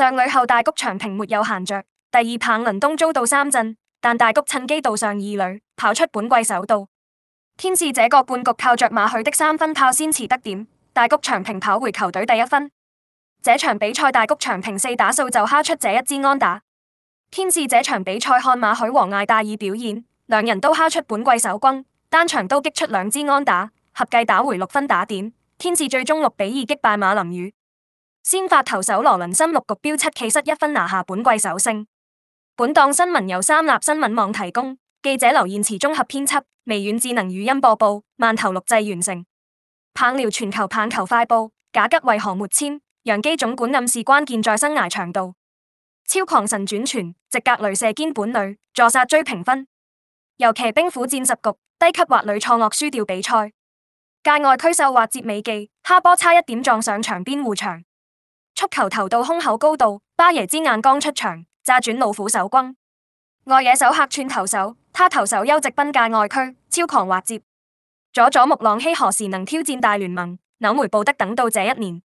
上壘後，大谷翔平沒有閒着。第二棒林東遭到三振，但大谷趁機盜上二壘，跑出本季首盜。天使這個半局靠着馬許的三分炮先馳得點，大谷翔平跑回球隊第一分。這場比賽大谷翔平四打數就敲出這一支安打。天使這場比賽看馬許和艾大爾表演，兩人都敲出本季首轟，單場都擊出兩支安打，合計打回六分打點。天使最終六比二擊敗馬林魚。先發投手羅倫森六局飆七企失一分，拿下本季首勝。本檔新聞由三立新聞網提供，記者劉彥慈綜合編輯。微軟智能語音播報，慢頭錄製完成。棒聊全球棒球快報：賈吉為何沒簽？洋基總管暗示關鍵在生涯長度。超狂神轉傳，直格雷射肩本壘助殺追平分。遊騎兵苦戰十局，低級滑壘錯愕輸掉比賽。界外驅獸或接美技，哈波差一點撞上場邊護牆速球投到胸口高度，巴耶之眼剛出場，炸轉老虎守軍。外野手客串投手，他投手優直奔界外區，超狂滑接。佐佐木朗希何時能挑戰大聯盟？紐梅布德等到這一年。